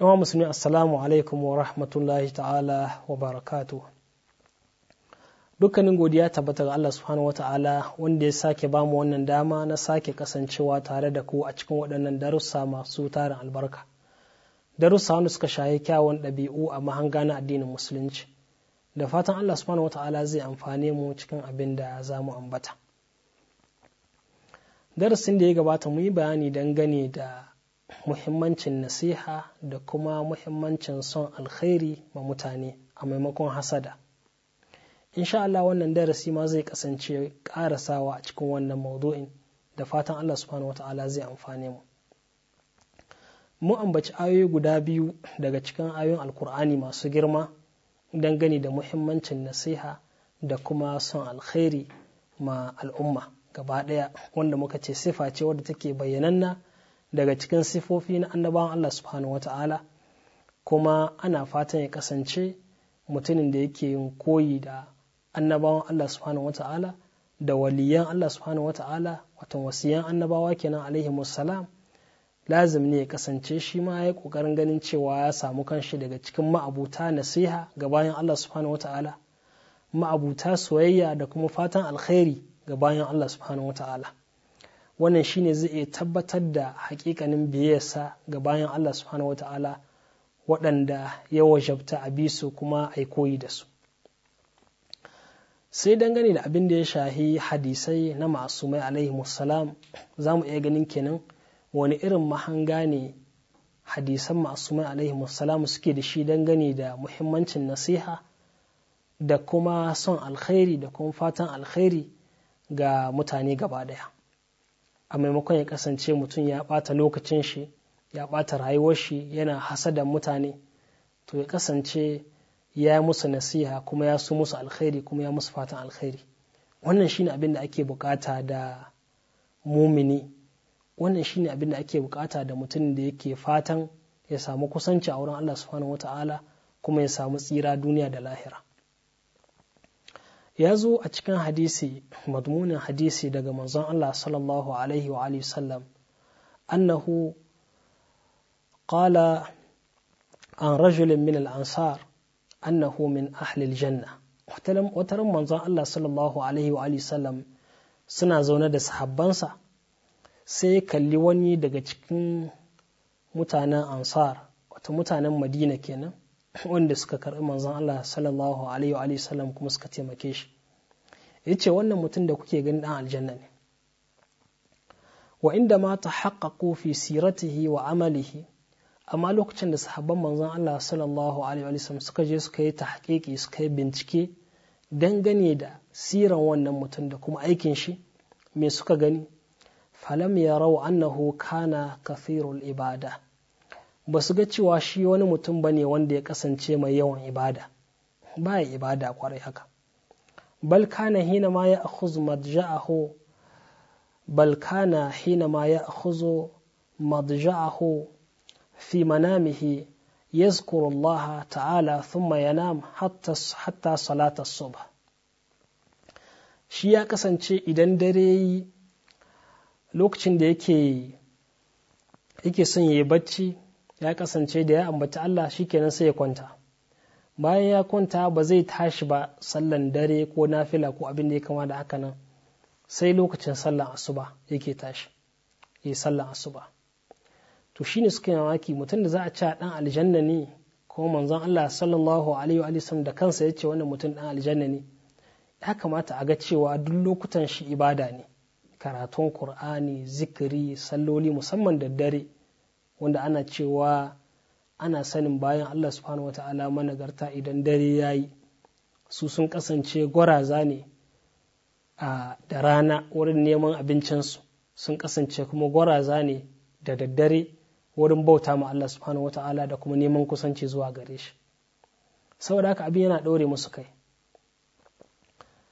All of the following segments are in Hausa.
yawan musulmi assalamu alaikum wa rahmatullahi ta'ala wa barakatu dukkanin godiya tabbata ga Allah subhanahu wa ta'ala wanda ya sake bamu wannan dama na sake kasancewa tare da ku a cikin waɗannan darussa masu tarin albarka darussa wanda suka shaye kyawun ɗabi'u a mahanga na addinin musulunci da fatan Allah subhanahu wa ta'ala zai amfane mu cikin abin da za mu ambata darasin da ya gabata mu yi bayani dangane da muhimmancin nasiha da kuma muhimmancin son alkhairi ma mutane a maimakon hasada insha Allah wannan darasi ma zai kasance karasawa a cikin wannan maudu'in da fatan Allah subhanahu wata'ala zai amfane mu mu ambaci ayoyi guda biyu daga cikin ayoyin alkur'ani masu girma dangane da muhimmancin nasiha da kuma son alkhairi ma al'umma gaba ɗaya wanda muka ce sifa ce wadda take bayyananna daga cikin sifofi na annabawan Allah subhanahu wata'ala kuma ana fatan ya kasance mutumin da yake yin koyi da annabawan Allah subhanahu wata'ala da waliyan Allah subhanahu wata'ala watan wasiyan annabawa kenan alaihi musallam lazim ne ya kasance shi ma ya kokarin ganin cewa ya samu kanshi daga cikin ma'abuta nasiha ga bayan Allah subhanahu wata'ala ma'abuta soyayya da kuma fatan alkhairi ga bayan Allah subhanahu wata'ala wannan shine zai iya tabbatar da hakikanin biyayyarsa ga bayan Allah subhanahu wata'ala waɗanda ya wajabta a bi su kuma a koyi da su sai dangane da abin da ya shahi hadisai na masumai alaihi musalam za mu iya ganin kenan wani irin mahanga ne hadisan masumai alaihi musalam suke da shi dangane da muhimmancin nasiha da kuma son alkhairi da kuma fatan alkhairi ga mutane gaba ɗaya a maimakon ya kasance mutum ya ɓata lokacin shi ya ɓata rayuwar shi yana hasada mutane to ya kasance ya yi musu nasiha kuma ya su musu alkhairi kuma ya musu fatan alkhairi wannan shine abin da ake bukata da mumini wannan shine abin da ake bukata da mutum da yake fatan ya samu kusanci a wurin Allah subhanahu wataala kuma ya samu tsira duniya da lahira ya zo a cikin hadisi madmunin hadisi daga manzon Allah sallallahu alaihi wa alihi sallam annahu qala an rajulin min al-ansar annahu min ahli al-janna wataran manzon Allah sallallahu alaihi wa alihi sallam suna zaune da sahabbansa sai ya kalli wani daga cikin mutanen ansar wata mutanen madina kenan wanda suka karɓi manzan Allah sallallahu alaihi wa sallam kuma suka taimake shi yace wannan mutum da kuke gani ɗan aljanna ne wa inda ma tahaqqaqu fi siratihi wa amalihi amma lokacin da sahabban manzan Allah sallallahu alaihi wa sallam suka je suka yi tahqiqi suka yi bincike dangane da siran wannan mutum da kuma aikin shi me suka gani falam yarau annahu kana kathirul ibada ba su ga cewa shi wani mutum ba ne wanda ya kasance mai yawan ibada ba ya ibada kwarai haka Balkana hina ma ya akhuzu madja'ahu balkana hina ma ya akhuzu madja'ahu fi manamihi يذكر ta'ala تعالى yanam hatta hatta حتى subh shi ya kasance idan dare yi lokacin da yake yake son yayi bacci ya kasance da ya ambaci Allah shikenan sai ya kwanta bayan ya kwanta ba zai tashi ba sallan dare ko nafila ko abin da ya kama da haka nan sai lokacin sallan asuba yake tashi ya sallan asuba to shine suka yi mamaki mutum da za a ci a dan aljanna ne ko manzon Allah sallallahu alaihi wa sallam da kansa ya ce wannan mutum dan aljanna ne ya kamata a ga cewa duk lokutan shi ibada ne karatun Kur'ani zikiri salloli musamman da dare wanda ana cewa ana sanin bayan Allah subhanahu wa ta'ala managarta idan dare ya yi su sun kasance gwaraza ne da rana wurin neman abincinsu sun kasance kuma gwaraza ne da daddare wurin bauta ma Allah subhanahu wa ta'ala da kuma neman kusanci zuwa gare shi saboda haka abin yana ɗaure musu kai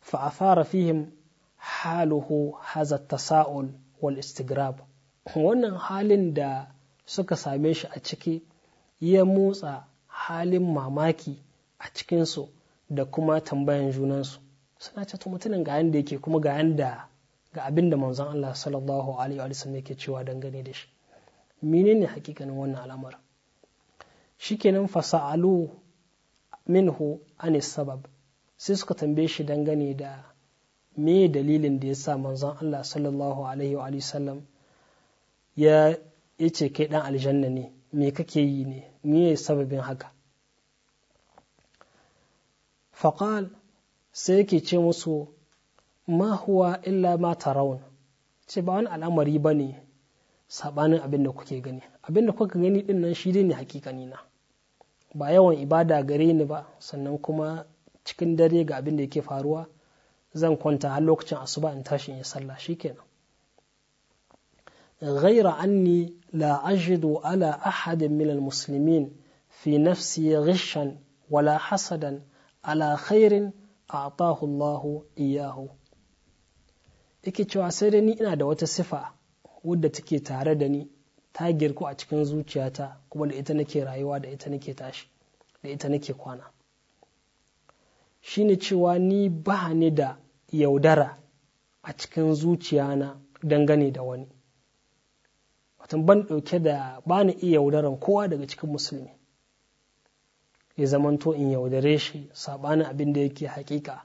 fa'afara fihim haluhu haza tasa'ul wal istigrab wannan halin da suka same shi a ciki ya motsa halin mamaki a cikinsu da kuma tambayan junansu suna ce to mutumin ga yanda yake kuma ga yanda ga abin da manzon Allah sallallahu alaihi wa sallam yake cewa dangane da shi menene hakikanin wannan al'amar shikenan fasa'alu minhu anis sabab sai suka tambaye shi dangane da me dalilin da ya sa manzon Allah sallallahu alaihi wa sallam ya ya ce kai ɗan aljanna ne me kake yi ne me sababin haka faƙal sai yake ce musu ma huwa illa ma tarawun ce ba wani al'amari bane ne saɓanin abin da kuke gani abin da kuka gani ɗin nan shi ne hakikani na ba yawan ibada gare ni ba sannan kuma cikin dare ga abin da yake faruwa zan kwanta har lokacin asuba in tashi in yi sallah shikenan غير أني لا أجد على أحد من المسلمين في نفسي غشا ولا حسدا على خير أعطاه الله إياه yake cewa sai dai ni ina da wata sifa wadda take tare da ni ta girku a cikin zuciyata kuma da ita nake rayuwa da ita nake tashi da ita nake kwana shine cewa ni ba ni da yaudara a cikin zuciyana dangane da wani tun ban ɗauke da ba iya yaudaran kowa daga cikin musulmi ya zamanto in yaudare shi saɓanin abin da yake haƙiƙa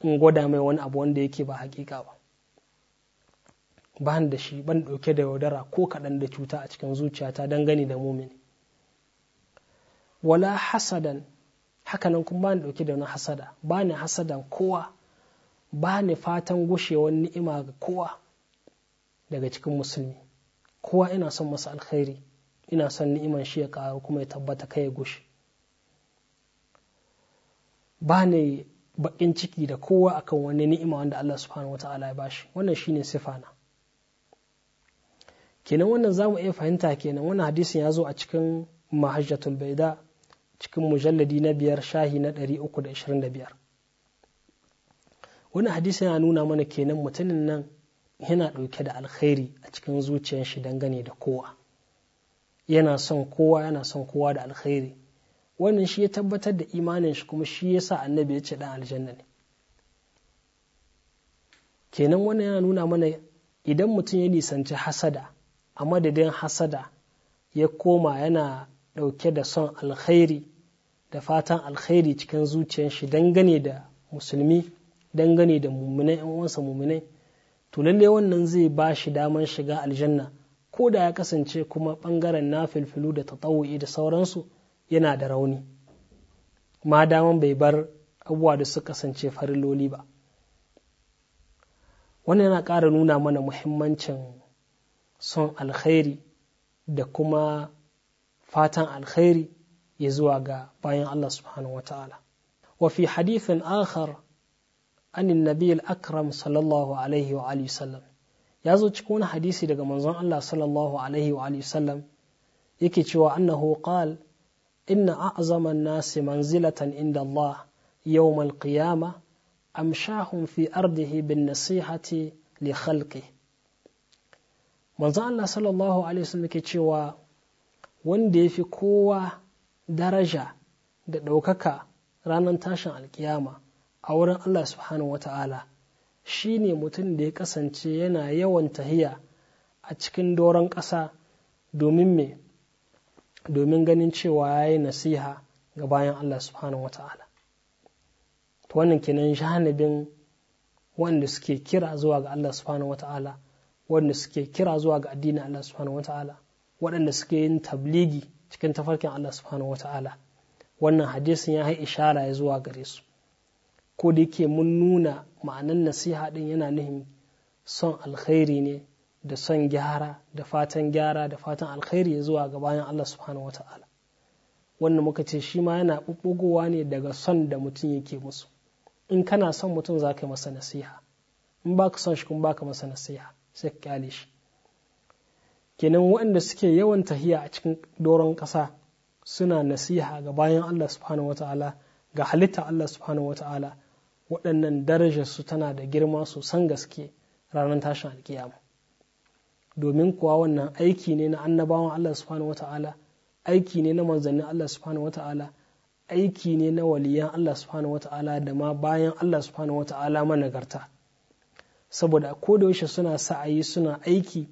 in gwada mai wani abu wanda yake ba haƙiƙa ba ba da shi ban ɗauke da yaudara ko kaɗan da cuta a cikin zuciyata don gani da mumin wala hasadan hakanan kuma ba ni ɗauke da wani hasada ba ni hasadan kowa ba ni fatan gushewar ni'ima ga kowa daga cikin musulmi kowa ina son masa alkhairi ina son ni'iman shi ya ƙaru kuma ya tabbata kai ya gushi ba ne baƙin ciki da kowa akan wani ni'ima wanda Allah subhanahu wa ta'ala ya bashi wannan shine sifana kenan wannan za mu iya fahimta kenan wannan hadisin ya zo a cikin mahajjatul baida cikin mujalladi na biyar shahi na 325 wannan hadisin ya nuna mana kenan mutumin nan yana ɗauke da alkhairi a cikin zuciyar shi dangane da kowa yana son kowa yana son kowa da alkhairi wannan shi ya tabbatar da imanin shi kuma shi ya sa annabi ya ce dan aljanna ne kenan wannan yana nuna mana idan mutum ya nisanci hasada a madadin hasada ya koma yana ɗauke da son alkhairi da fatan alkhairi cikin zuciyar shi dangane da musulmi dangane da mummunai 'yan uwansa mummunai to lalle wannan zai ba shi daman shiga aljanna ko da ya kasance kuma ɓangaren na filfilu da ta da sauransu yana da rauni ma daman bai bar abubuwa da su kasance fariloli ba wannan yana ƙara nuna mana muhimmancin son alkhairi da kuma fatan alkhairi ya zuwa ga bayan Allah subhanahu wa ta'ala wa fi hadithin akhar anin nabiyil akram sallallahu alaihi wa alihi sallam ya zo cikin wani hadisi daga manzon Allah sallallahu alaihi wa alihi sallam yake cewa annahu qal inna a'zama an-nasi manzilatan inda Allah yawm al-qiyamah amshahum fi ardihi bin nasihati li khalqi manzon Allah sallallahu alaihi wa sallam yake cewa wanda yafi kowa daraja da ɗaukaka ranar tashin alkiyama a wurin Allah subhanahu wa ta'ala shi ne mutum da ya kasance yana yawan tahiya a cikin doron ƙasa domin me domin ganin cewa ya yi nasiha ga bayan Allah subhanahu wa ta'ala wannan kenan janibin wanda suke kira zuwa ga Allah subhanahu wa ta'ala wanda suke kira zuwa ga addinin Allah subhanahu wa ta'ala waɗanda suke yin tabligi cikin tafarkin Allah subhanahu wa ta'ala wannan hadisin ya yi ishara ya zuwa gare su ko da yake mun nuna ma'anan nasiha din yana nuhin son alkhairi ne da son gyara da fatan gyara da fatan alkhairi ya zuwa ga bayan Allah subhanahu wata'ala wannan muka ce shi ma yana ɓuɓɓugowa ne daga son da mutum yake musu in kana son mutum za ka yi masa nasiha in ba ka son shi kuma ba ka masa nasiha sai ka kyale shi kenan waɗanda suke yawan tahiya a cikin doron ƙasa suna nasiha ga bayan Allah subhanahu wata'ala ga halitta Allah subhanahu wata'ala waɗannan darajarsu tana da girma sosan gaske ranar tashin alkiyama domin kuwa wannan aiki ne na annabawan Allah subhanahu wata'ala aiki ne na manzannin Allah subhanahu wata'ala aiki ne na waliyan Allah subhanahu wata'ala da ma bayan Allah subhanahu wata'ala managarta saboda ko da yaushe suna sa'ayi suna aiki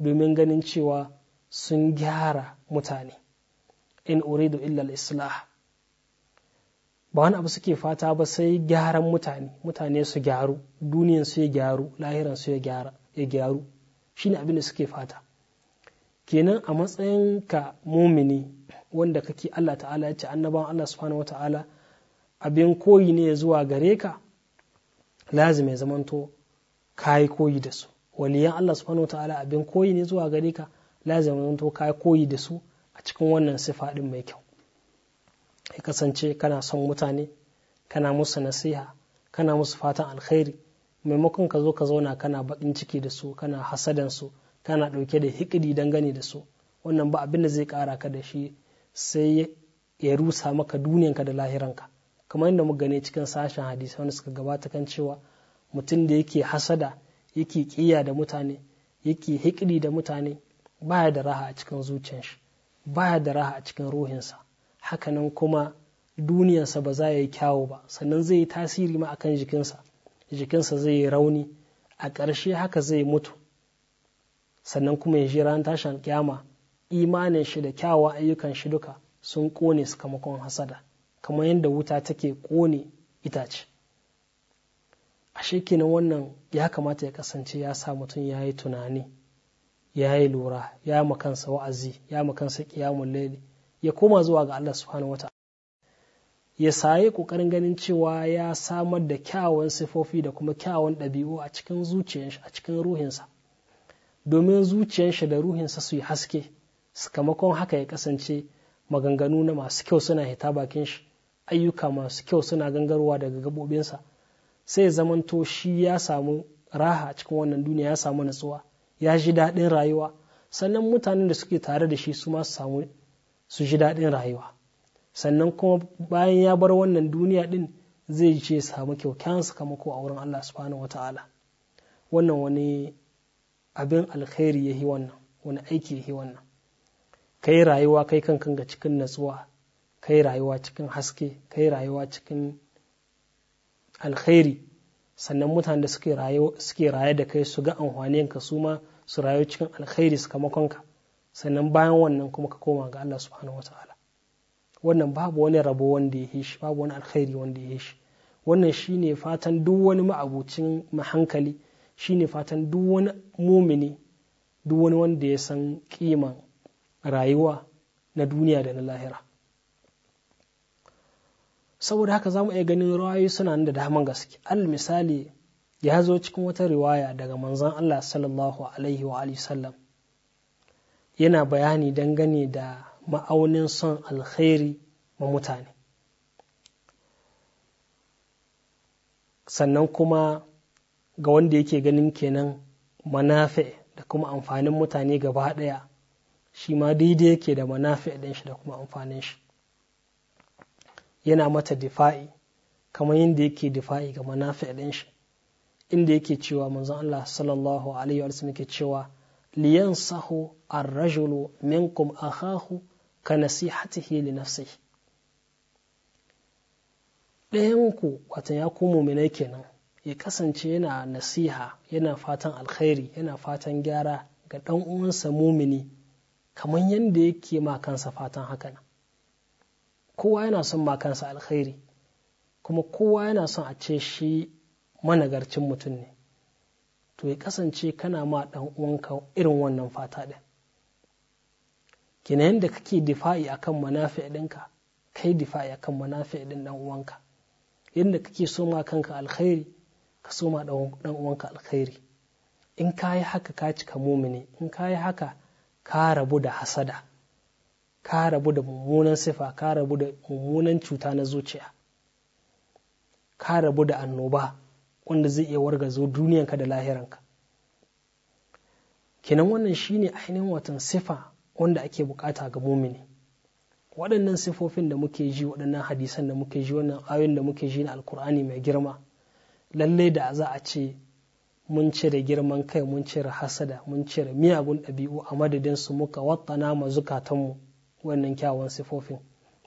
domin ganin cewa sun gyara mutane in uridu illa al-islah ba wani abu suke fata ba sai gyaran mutane mutane su gyaru duniyan su ya gyaru lahiran su ya gyaru shi gyaru abin da suke fata kenan a matsayin ka mumini wanda kake Allah ta'ala ya ce annaban Allah subhanahu wata'ala abin koyi ne zuwa gare ka lazim ya zamanto kayi koyi da su waliyan Allah subhanahu wata'ala abin koyi ne zuwa gare ka lazim ya zamanto kayi koyi da su a cikin wannan sifa din mai kyau ya kasance kana son mutane kana musu nasiha kana musu fatan alkhairi maimakon ka zo ka zauna kana baƙin ciki da su kana hasadan su kana ɗauke da hikidi dangane da su wannan ba abin da zai ƙara ka da shi sai ya rusa maka duniyanka da lahiranka kamar yadda muka gane cikin sashen hadisi wanda suka gabata kan cewa mutum da yake hasada yake ƙiya da mutane yake hikidi da mutane baya da raha a cikin zuciyar shi baya da raha a cikin ruhinsa hakanan kuma duniyarsa ba za ya yi kyawu ba sannan zai yi tasiri ma akan jikinsa jikinsa zai yi rauni a ƙarshe haka zai mutu sannan kuma ya ji ran tashin kyama imanin shi da kyawawan ayyukan shi duka sun ƙone sakamakon hasada kamar yadda wuta take ƙone itace a kenan wannan ya kamata ya kasance ya sa mutum ya yi tunani ya yi lura ya makansa wa'azi ya makansa kiyamun laili ya koma zuwa ga Allah subhanahu wata ya saye kokarin ganin cewa ya samar da kyawawan sifofi da kuma kyawawan ɗabi'u a cikin zuciyarsa a cikin ruhinsa domin zuciyarsa da ruhinsa su yi haske sakamakon haka ya kasance maganganu na masu kyau suna hita bakin shi ayyuka masu kyau suna gangarwa daga gabobinsa sai zamanto shi ya samu raha a cikin wannan duniya ya samu natsuwa ya ji daɗin rayuwa sannan mutanen da suke tare da shi su ma su samu su ji daɗin rayuwa sannan kuma bayan ya bar wannan duniya ɗin zai je samu kyaukyan sakamako a wurin Allah subhanahu wa ta'ala wannan wani abin alkhairi ya yi wannan wani aiki ya yi wannan kai rayuwa kai kankan ga cikin natsuwa kai rayuwa cikin haske kai rayuwa cikin alkhairi sannan mutanen da suke raye da kai su ga amfaninka su ma su rayu cikin alkhairi su sakamakonka sannan bayan wannan kuma ka koma ga Allah subhanahu wataala wannan babu wani rabo wanda ya shi babu wani alkhairi wanda ya shi wannan shine fatan duk wani ma'abucin mahankali shine fatan duk wani mumini duk wani wanda ya san kiman rayuwa na duniya da na lahira saboda haka za mu iya ganin rawayoyi suna da daman gaske al misali ya zo cikin wata riwaya daga manzon Allah sallallahu alaihi wa sallam yana bayani dangane da ma'aunin son alkhairi ma mutane sannan kuma ga wanda yake ganin kenan manafi da kuma amfanin mutane gaba ɗaya shi ma daidai yake da manafi ɗin shi da kuma amfanin shi yana mata difa'i kamar yadda yake difa'i ga manafi ɗin shi inda yake cewa manzon Allah sallallahu alaihi wa sallam cewa liyansahu ar-rajulu minkum akhahu ka nasihatihi li nafsihi ɗayanku wata ya kenan ya kasance yana nasiha yana fatan alkhairi yana fatan gyara ga ɗan uwansa mumini kamar yadda yake ma kansa fatan hakan kowa yana son ma kansa alkhairi kuma kowa yana son a ce shi managarcin mutum ne to ya kasance kana ma ɗan uwanka irin wannan fata ɗin kina yadda kake difa'i akan manafi ɗinka kai difa'i akan manafi ɗin ɗan uwanka yadda kake so ma kanka alkhairi ka ma ɗan uwanka alkhairi in kayi haka ka cika mumini in kayi haka ka rabu da hasada ka rabu da mummunan sifa ka rabu da mummunan cuta na zuciya ka rabu da annoba wanda zai iya wargazo duniyanka da lahiranka kenan wannan shine ainihin watan sifa wanda ake bukata ga mumini waɗannan sifofin da muke ji waɗannan hadisan da muke ji wannan ayoyin da muke ji na alkur'ani mai girma lalle da za a ce mun cire girman kai mun cire hasada mun cire miyagun ɗabi'u a madadin su muka wattana ma zukatanmu wannan kyawawan sifofin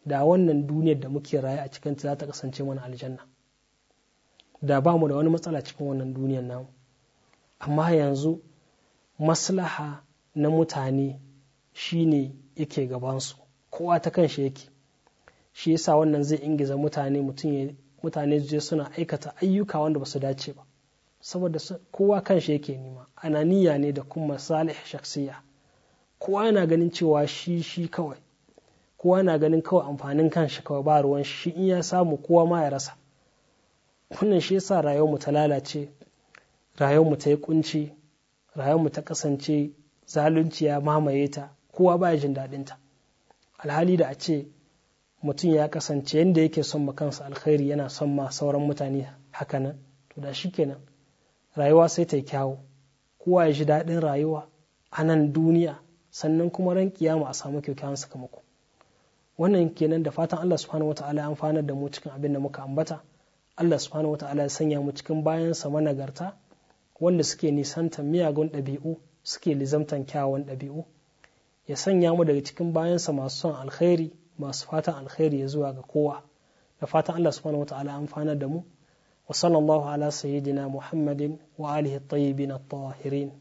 da wannan duniyar da muke raye a cikin ta za ta kasance mana aljanna da ba mu da wani matsala cikin wannan duniyan namu amma yanzu maslaha na mutane shine yake gabansu kowa ta kan shi yake shi yasa wannan zai ingiza mutane mutane je suna aikata ayyuka wanda ba su dace ba saboda kowa kan shi yake nima ananiya ne da kuma salih shaksiya kowa yana ganin cewa shi shi kawai kowa yana ganin kawai amfanin kanshi kawai ba ruwan shi in ya samu kowa ma ya rasa wannan shi yasa mu ta lalace rayuwar mu ta yi kunci mu ta kasance zalunci ya mamaye ta kowa baya jin daɗin ta alhali da a ce mutum ya kasance yadda yake son ma kansa alkhairi yana son ma sauran mutane hakanan to da shikenan rayuwa sai ta kyawu kowa ya ji daɗin rayuwa a nan duniya sannan kuma ran kiyama a samu kyakkyawan sakamako wannan kenan da fatan Allah subhanahu wataala ya amfana da mu cikin abin da muka ambata Allah subhanahu wata'ala ya sanya mu cikin bayansa managarta wanda suke nisantan miyagun ɗabi'u suke lizamtan kyawawan ɗabi'u ya sanya mu daga cikin bayansa masu son alkhairi masu fatan alkhairi ya zuwa ga kowa da fatan Allah subhanahu wata'ala amfana da mu wa sallallahu ala sayyidina muhammadin wa alihi tayyibin at-tahirin